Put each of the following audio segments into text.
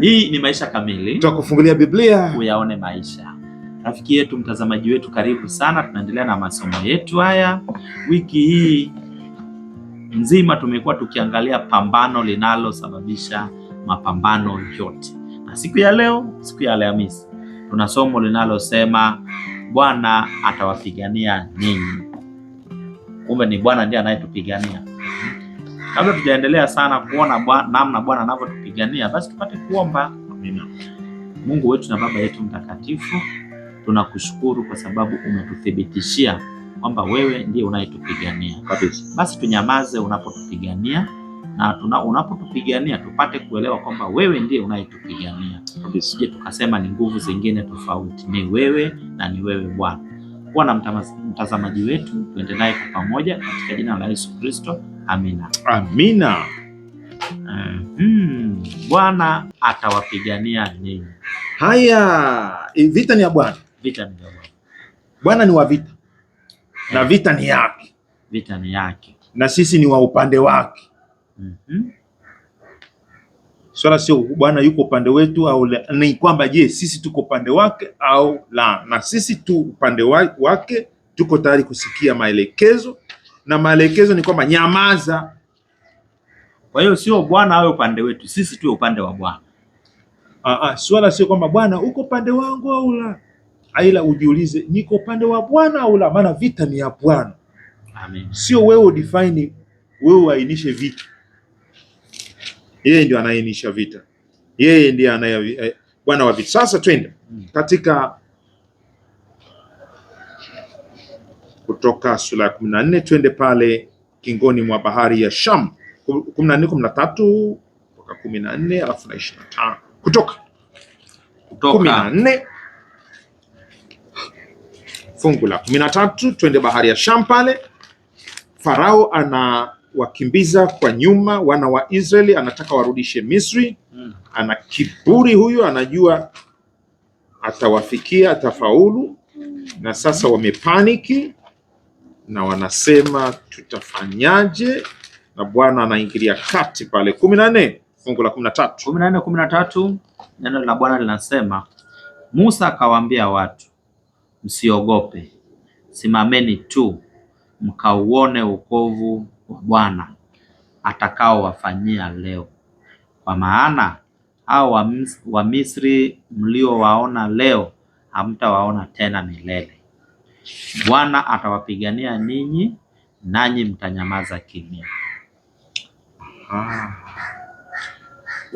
Hii ni Maisha Kamili, tutakufungulia Biblia uyaone maisha. Rafiki yetu, mtazamaji wetu, karibu sana. Tunaendelea na masomo yetu haya. Wiki hii nzima tumekuwa tukiangalia pambano linalosababisha mapambano yote, na siku ya leo, siku ya Alhamisi, tuna somo linalosema Bwana atawapigania nyinyi. Kumbe ni Bwana ndiye anayetupigania. Kabla tujaendelea sana kuona namna Bwana anavyotupigania, basi tupate kuomba. Amina. Mungu wetu na Baba yetu mtakatifu, tunakushukuru kwa sababu umetuthibitishia kwamba wewe ndiye unayetupigania. Basi tunyamaze unapotupigania na unapotupigania tupate kuelewa kwamba wewe ndiye unayetupigania, tusije tukasema ni nguvu zingine tofauti. Ni wewe na ni wewe Bwana kuwa na mtazamaji wetu, tuende naye kwa pamoja katika jina la Yesu Kristo, amina, amina. Eh, hmm, Bwana atawapigania ninyi. Haya, vita ni ya Bwana, vita ni ya Bwana. Bwana ni wa vita na eh. vita ni yake, vita ni yake, na sisi ni wa upande wake. mm -hmm. Swala sio Bwana yuko upande wetu au la, ni kwamba je, sisi tuko upande wake au la, na sisi tu upande wake, tuko tayari kusikia maelekezo, na maelekezo ni kwamba nyamaza. Kwa hiyo sio Bwana awe upande wetu, sisi tuwe upande wa Bwana. Ah, swala sio kwamba Bwana uko upande wangu au la, aila ujiulize, niko upande wa Bwana au la, maana vita ni ya Bwana. Amen. Sio wewe udefine, wewe uainishe vita yeye ndio anayeinisha vita, yeye ndiye anaye eh, bwana wa vita. Sasa twende katika Kutoka sura ya kumi na nne twende pale kingoni mwa bahari ya sham kumi na nne kumi na tatu mpaka kumi na nne alafu na ishirini na tano Kutoka kumi na nne fungu la kumi na tatu twende bahari ya sham pale Farao ana wakimbiza kwa nyuma wana wa Israeli, anataka warudishe Misri. Hmm. Ana kiburi huyu, anajua atawafikia, atafaulu, na sasa wamepaniki na wanasema tutafanyaje? Na Bwana anaingilia kati pale, kumi na nne fungu la kumi na tatu kumi na nne kumi na tatu neno la Bwana linasema Musa akawaambia watu, msiogope, simameni tu mkauone wokovu wa Bwana atakaowafanyia leo, kwa maana hao Wamisri mliowaona leo hamtawaona tena milele. Bwana atawapigania ninyi, nanyi mtanyamaza kimya.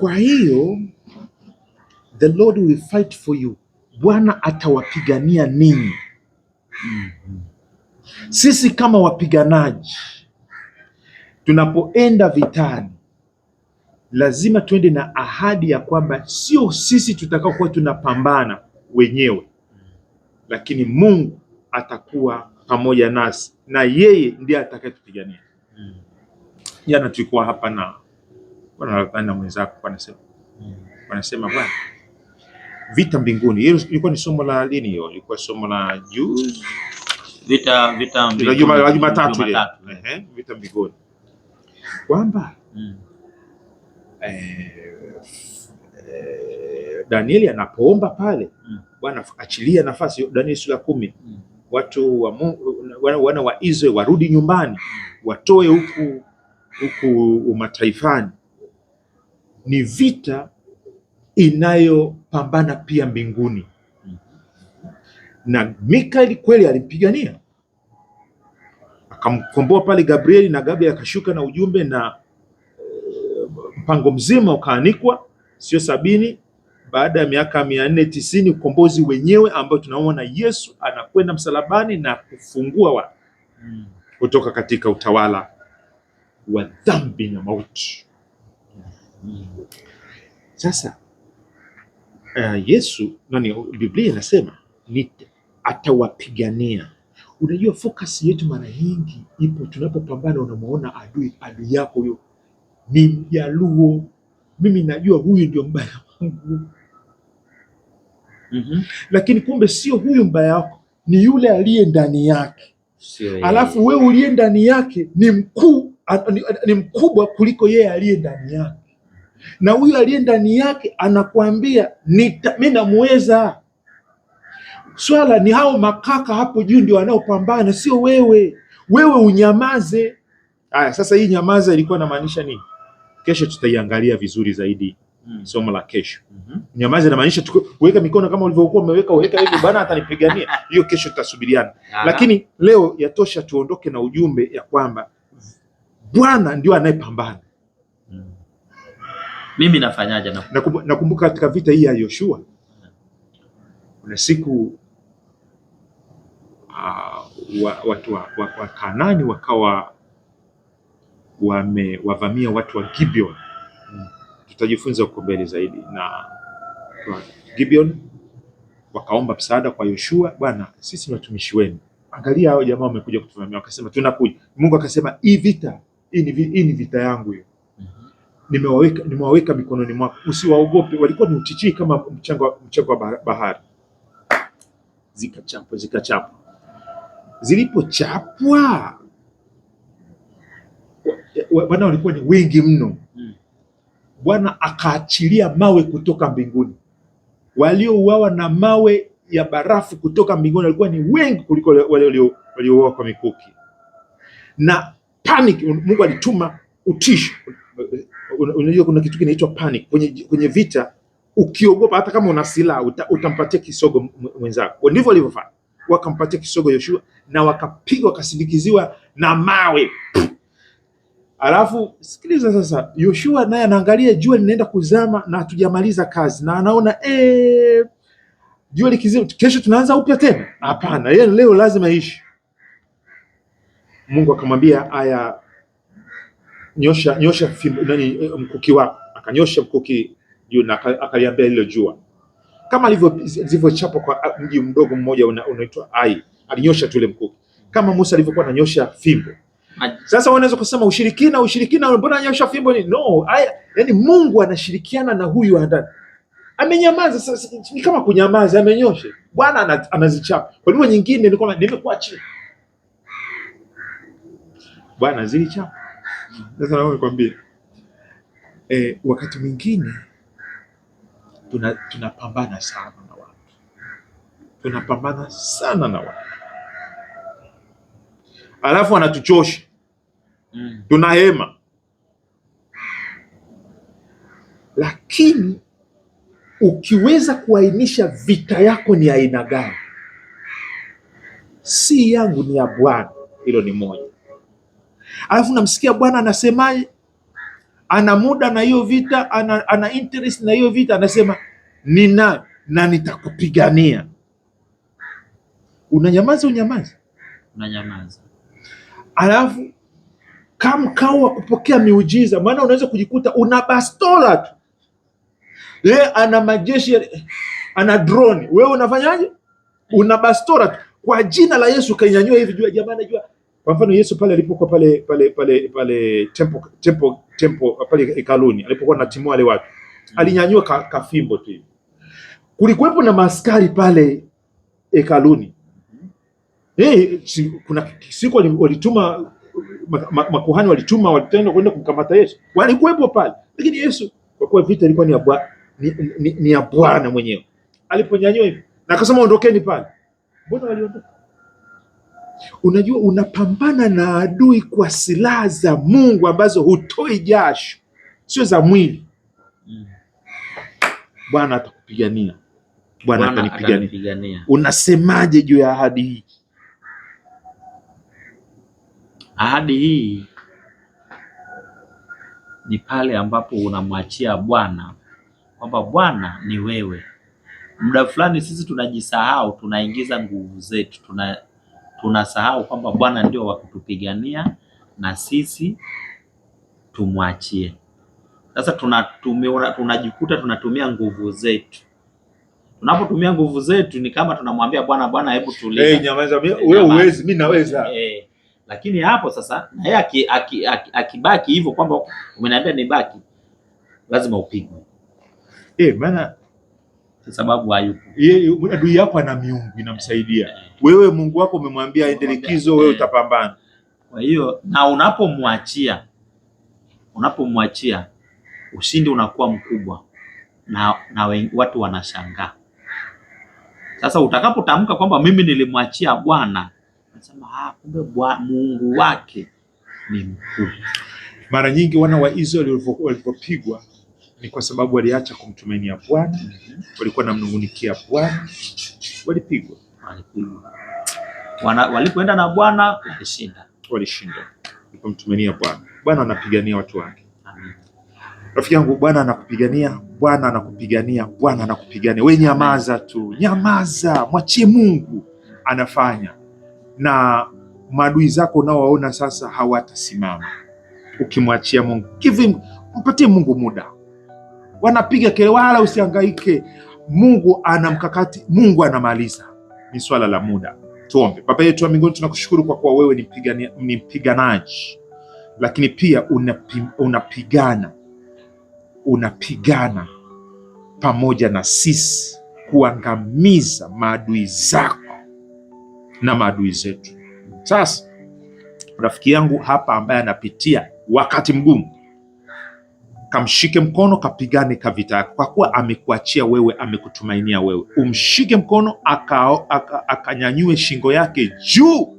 Kwa hiyo the Lord will fight for you, Bwana atawapigania ninyi. Mm -hmm. Sisi kama wapiganaji Tunapoenda vitani, lazima tuende na ahadi ya kwamba sio sisi tutakaokuwa tunapambana wenyewe, lakini Mungu atakuwa pamoja nasi na yeye ndiye atakayetupigania. Hmm. Jana tulikuwa hapa na bwana mwenzako anasema hmm. wanasema bwana vita mbinguni. Hiyo ilikuwa ni somo la lini? Hiyo ilikuwa somo la juu, vita vita la Jumatatu, vita mbinguni kwamba mm. eh, Danieli anapoomba pale mm. Bwana achilia nafasi, Danieli sura kumi mm. watu wa wana, wana wa Israeli warudi nyumbani, mm. watoe huku huku umataifani. Ni vita inayopambana pia mbinguni, mm. na Mikaeli kweli alimpigania Akamkomboa pale Gabrieli na Gabrieli akashuka na ujumbe na eh, mpango mzima ukaanikwa, sio sabini. Baada ya miaka mia nne tisini ukombozi wenyewe ambao tunaona Yesu anakwenda msalabani na kufungua wa hmm. kutoka katika utawala wa dhambi na mauti. Sasa uh, Yesu nani, Biblia inasema ni atawapigania Unajua, focus yetu mara nyingi ipo tunapopambana, unamwona adui adui yako huyo ni Mjaluo, mimi najua huyu ndio mbaya wangu mm -hmm. Lakini kumbe sio huyu mbaya wako, ni yule aliye ndani yake Sio, alafu wewe uliye ndani yake ni mkuu ni, ni mkubwa kuliko yeye aliye ndani yake, na huyu aliye ndani yake anakuambia mimi namweza Swala ni hao makaka hapo juu ndio wanaopambana, sio wewe. Wewe unyamaze. Aya, sasa hii nyamaza ilikuwa inamaanisha nini? Kesho tutaiangalia vizuri zaidi mm. somo la kesho mm -hmm. Nyamaza inamaanisha kuweka mikono kama ulivyokuwa umeweka, weka hivi bana, atanipigania hiyo. Kesho tutasubiriana, lakini leo yatosha, tuondoke na ujumbe ya kwamba Bwana ndio anayepambana. mm. Mimi nafanyaje? Nakumbuka na katika vita hii ya Yoshua kuna siku Ah, watu wa, wa, wa Kanani wakawa wamewavamia watu wa Gibeon. Hmm. Tutajifunza huko mbele zaidi na kwa Gibeon wakaomba msaada kwa Yoshua, bwana, sisi ni watumishi wenu, angalia hao jamaa wamekuja kutuvamia. Wakasema tunakuja. Mungu akasema hii vita hii ni, hii ni vita yangu hiyo mhm. nimewaweka nimewaweka mikononi mwako, usiwaogope. Walikuwa ni utichii kama mchanga wa bahari, zikachapo zikachapo zilipochapwa Bwana walikuwa ni wengi mno. Hmm. Bwana akaachilia mawe kutoka mbinguni, waliouawa na mawe ya barafu kutoka mbinguni walikuwa ni wengi kuliko wale waliouawa kwa mikuki. Na panic, Mungu alituma utisho. Unajua kuna kitu kinaitwa panic kwenye, kwenye vita. Ukiogopa hata kama una silaha utampatia kisogo mwenzako. Ndivyo walivyofanya wakampatia kisogo Yoshua na wakapigwa, wakasindikiziwa na mawe. Alafu sikiliza sasa, Yoshua naye anaangalia jua linaenda kuzama na hatujamaliza kazi, na anaona ee, jua likizima, kesho tunaanza upya tena? Hapana, yeye leo lazima ishi. Mungu akamwambia aya, nyosha nyosha fimbo, nani eh, mkuki wako. Akanyosha mkuki juu na akaliambia hilo jua kama alivyochapwa kwa mji mdogo mmoja unaitwa Ai, alinyosha tu ile mkuki kama Musa alivyokuwa ananyosha fimbo. Sasa wanaweza kusema ushirikina, ushirikina, mbona anyosha fimbo? Ni no, haya, yani Mungu anashirikiana na huyu andani amenyamaza Sasa ni kama kunyamaza, amenyosha. Bwana anazichapa kwa lugha nyingine, ni kama nimekuwa chini, Bwana zilichapa. Sasa naomba nikwambie, eh, wakati mwingine tunapambana sana na watu, tunapambana sana na watu alafu wanatuchosha mm. tunahema, lakini ukiweza kuainisha vita yako ni aina gani, si yangu ni ya Bwana, hilo ni moja. Alafu namsikia Bwana anasemaje ana muda na hiyo vita, ana, ana interest na hiyo vita, anasema nina na nitakupigania. Unanyamaza, unyamaza, unanyamaza, alafu kamkao wa kupokea miujiza, maana unaweza kujikuta una bastola tu, yeye ana majeshi, ana drone, wewe unafanyaje? Una bastola tu. Kwa jina la Yesu kainyanyua hivi jua jamani, najua kwa mfano Yesu pale alipokuwa pale pale pale pale tempo tempo tempo pale hekaluni alipokuwa na timu wale watu mm. alinyanyua ka, kafimbo tu. Kulikuwepo na maskari pale ekaluni hekaluni. Mm. Eh, kuna siku walituma makuhani walituma walitenda kwenda kumkamata Yesu. Walikuwepo pale. Lakini Yesu kwa kuwa vita ilikuwa ni ya Bwana ni, ni, ni ya Bwana mwenyewe. Aliponyanyua hivi na akasema ondokeni pale. Mbona waliondoka? Unajua, unapambana na adui kwa silaha za Mungu ambazo hutoi jasho, sio za mwili. Mm. Bwana atakupigania, Bwana atanipigania. Unasemaje juu ya ahadi hii? Ahadi hii ni pale ambapo unamwachia Bwana kwamba Bwana ni wewe. Muda fulani sisi tunajisahau, tunaingiza nguvu zetu, tuna tunasahau kwamba Bwana ndio wa kutupigania na sisi tumwachie. Sasa tunatumia, tunajikuta tunatumia nguvu zetu. Tunapotumia nguvu zetu ni kama tunamwambia Bwana, Bwana hebu tulia, hey, nyamaza, wewe uwezi, mimi naweza eh, eh. Lakini hapo sasa na yeye akibaki aki, aki, aki hivyo kwamba umeniambia nibaki, lazima upigwe eh, maana sababu hayupo. Adui yako ana miungu inamsaidia eh. wewe, Mungu wako umemwambia aende likizo, wewe eh. utapambana. Kwa hiyo na unapomwachia, unapomwachia ushindi unakuwa mkubwa na, na watu wanashangaa. Sasa utakapotamka kwamba mimi nilimwachia Bwana, nasema ah, kumbe Mungu wake ni mkuu. Mara nyingi wana wa Israeli walipopigwa ni kwa sababu waliacha kumtumainia Bwana, walikuwa namnungunikia Bwana, walipigwa. Walipoenda na Bwana walishinda, walishinda walipomtumainia Bwana. Bwana anapigania watu wake. Rafiki yangu, Bwana anakupigania, Bwana anakupigania, Bwana anakupigania. We nyamaza tu, nyamaza, mwachie Mungu anafanya, na maadui zako unaowaona sasa hawatasimama ukimwachia Mungu. Give him, mpatie Mungu muda wanapiga kele, wala usihangaike. Mungu ana mkakati, Mungu anamaliza, ni swala la muda. Tuombe. Baba yetu wa mbinguni, tunakushukuru kwa kuwa wewe ni mpiganaji, lakini pia unapigana unapigana pamoja na sisi kuangamiza maadui zako na maadui zetu. Sasa rafiki yangu hapa ambaye anapitia wakati mgumu kamshike mkono, kapigane kavita yako, kwa kuwa amekuachia wewe, amekutumainia wewe. Umshike mkono, akanyanyue aka, aka shingo yake juu,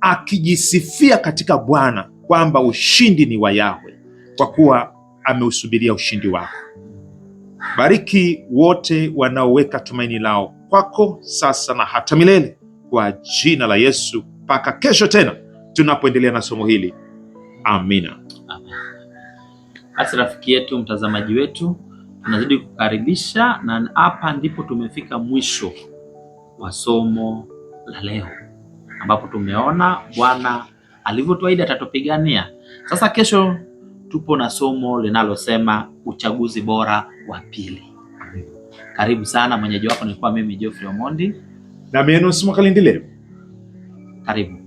akijisifia katika Bwana kwamba ushindi ni wa Yahwe, kwa kuwa ameusubiria ushindi wako. Bariki wote wanaoweka tumaini lao kwako sasa na hata milele, kwa jina la Yesu, mpaka kesho tena tunapoendelea na somo hili. Amina. Basi rafiki yetu, mtazamaji wetu, tunazidi kukaribisha, na hapa ndipo tumefika mwisho wa somo la leo, ambapo tumeona Bwana alivyotuahidi atatupigania. Sasa kesho tupo na somo linalosema uchaguzi bora wa pili. Karibu sana. Mwenyeji wako nilikuwa mimi Geoffrey Omondi na Mienus Kalindile. Karibu.